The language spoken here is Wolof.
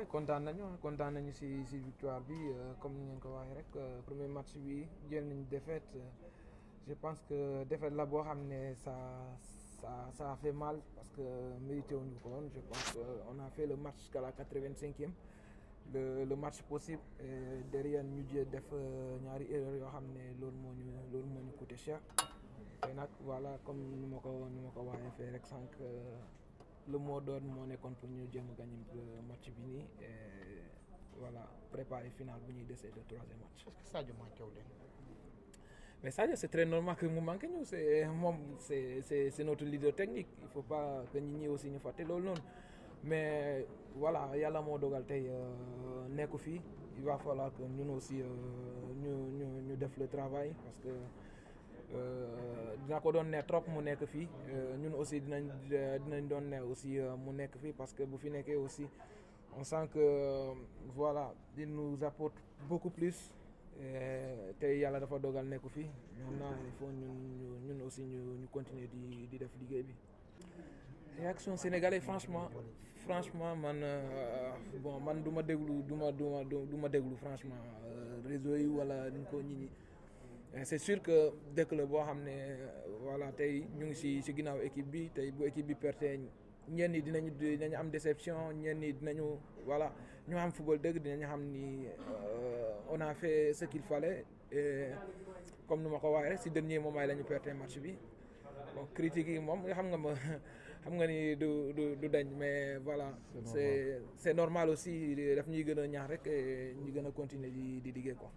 oui kontaan nañu kontaan nañu si si victoire bi euh, comme ni ngeen ko waxee rek euh, premier match bi jël nañu défaite je pense que défaite la bo xamné ça ça ça a fait mal parce que mérité wuñu ko je pense euh, on a fait le match jusqu'à la 85e le le match possible et derrière ñu jël def ñaari erreur yo xamné lool mo ñu lool ñu coûté cher et nag voilà comme ni mako ni mako ko waxee rek le mot d'ordre mon nekkoon pour ñu jéem a le euh, match bi voilà préparer final bu ñuy de le troisième match. est-ce que Sadio manqué wu leen. mais ça c'est très normal que nous manquions c'est c'est c'est notre leader technique il faut pas que nous aussi ñu fàtte loolu mais voilà il y a dogal mode euh, nekku fii il va falloir que nous aussi euh, ñu ñu ñu def le travail parce que. Euh, dina ko doon ne trop mu nekk fii euh, ñun aussi dinañ euh, dinañ doon ne aussi mu nekk fii parce que bu fi nekkee aussi on sent que voilà il nous apporte beaucoup plus tey yàlla dafa dogal nekku fii maintenant il faut ñun ñun aussi ñu ñu continuer di di def liggéey bi réaction sénégalais franchement franchement man bon man du ma déglu du ma du ma du ma déglu franchement réseau yi wala ñu ko ñi ñi c'est sûr que dès que le xam ne voilà tay ñu ngi ci si ginnaaw équipe bi tay bu équipe bi perte ñen ñi dinañu dinañu am déception ñen ñi dinañu voilà ñu am football deug dinañu xam ni euh, on a fait ce qu'il fallait et comme nous ma ko waxee rek dernier moment lañu la perte match bi bon critique yi moom xam nga ma xam nga ni du du du dañ mais voilà c'est c'est normal aussi daf ñuy gën rek ñu gëna continuer di di liggéey quoi